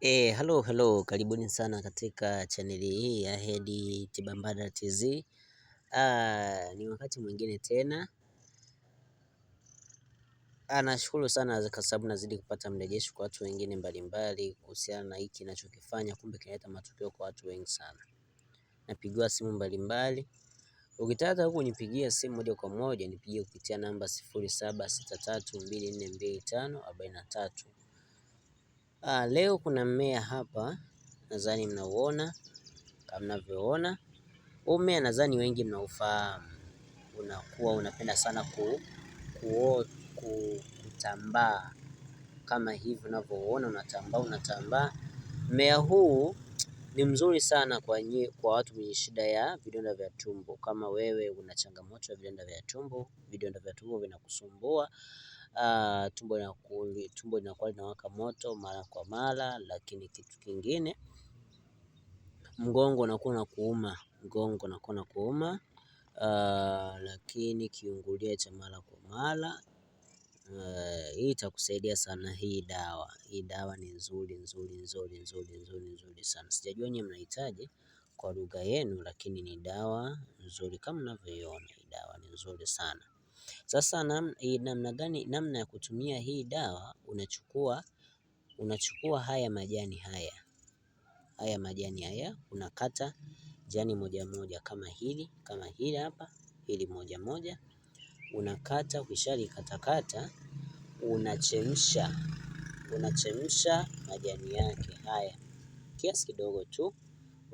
E, eh, halo halo, karibuni sana katika chaneli hii ya Hedi Tiba Mbadala TZ. Aa, ah, ni wakati mwingine tena, ah, nashukuru sana kwa sababu nazidi kupata mrejesho kwa watu wengine mbalimbali kuhusiana na hiki ninachokifanya, kumbe kinaleta matokeo kwa watu wengi sana. Napigiwa simu mbalimbali, ukitaka huku nipigia simu moja kwa moja nipigie kupitia namba sifuri saba sita tatu mbili nne mbili tano arobaini na tatu Aa, ah, leo kuna mmea hapa nadhani mnauona kama mnavyoona. Huu mmea nadhani wengi mnaufahamu, unakuwa unapenda sana ku, ku, ku, kutambaa kama hivi unavyoona, unatambaa unatambaa. Mmea huu ni mzuri sana kwa, nye, kwa watu wenye shida ya vidonda vya tumbo. Kama wewe una changamoto ya vidonda vya tumbo, vidonda vya tumbo vinakusumbua uh, tumbo linakuwa tumbo moto mara kwa mara, lakini kitu kingine mgongo unakuwa na kuuma, mgongo unakuwa na kuuma uh, ah, lakini kiungulia cha mara kwa mara uh, hii itakusaidia sana hii dawa. Hii dawa ni nzuri nzuri nzuri nzuri nzuri nzuri sana. Sijajua nyinyi mnahitaji kwa lugha yenu, lakini ni dawa nzuri kama mnavyoiona. Hii dawa ni nzuri sana. Sasa eh, namna gani, namna ya kutumia hii dawa unachukua unachukua haya majani haya haya majani haya unakata jani moja moja kama hili kama hili hapa hili moja moja unakata, ukishalikatakata unachemsha unachemsha majani yake haya kiasi kidogo tu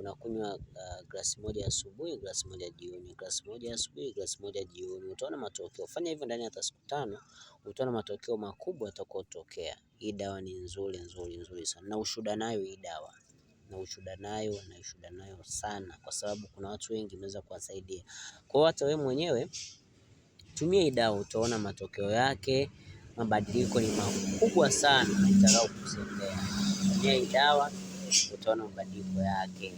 unakunywa uh, glasi moja asubuhi, glasi moja jioni, glasi moja asubuhi, glasi moja jioni, utaona matokeo. Fanya hivyo ndani ya siku tano, utaona matokeo makubwa yatakayotokea. Hii dawa ni nzuri nzuri nzuri sana, na ushuda nayo hii dawa na ushuda nayo na ushuda nayo sana, kwa sababu kuna watu wengi imeweza kuwasaidia. Kwa hiyo hata wewe mwenyewe tumia hii dawa, utaona matokeo yake, mabadiliko ni makubwa sana, itakao kusendea. Tumia hii dawa utaona mabadiliko yake,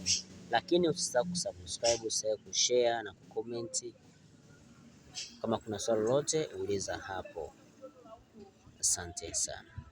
lakini usisahau kusubscribe, usisahau kushare na kukomenti. Kama kuna swali lolote uliza hapo. Asante sana.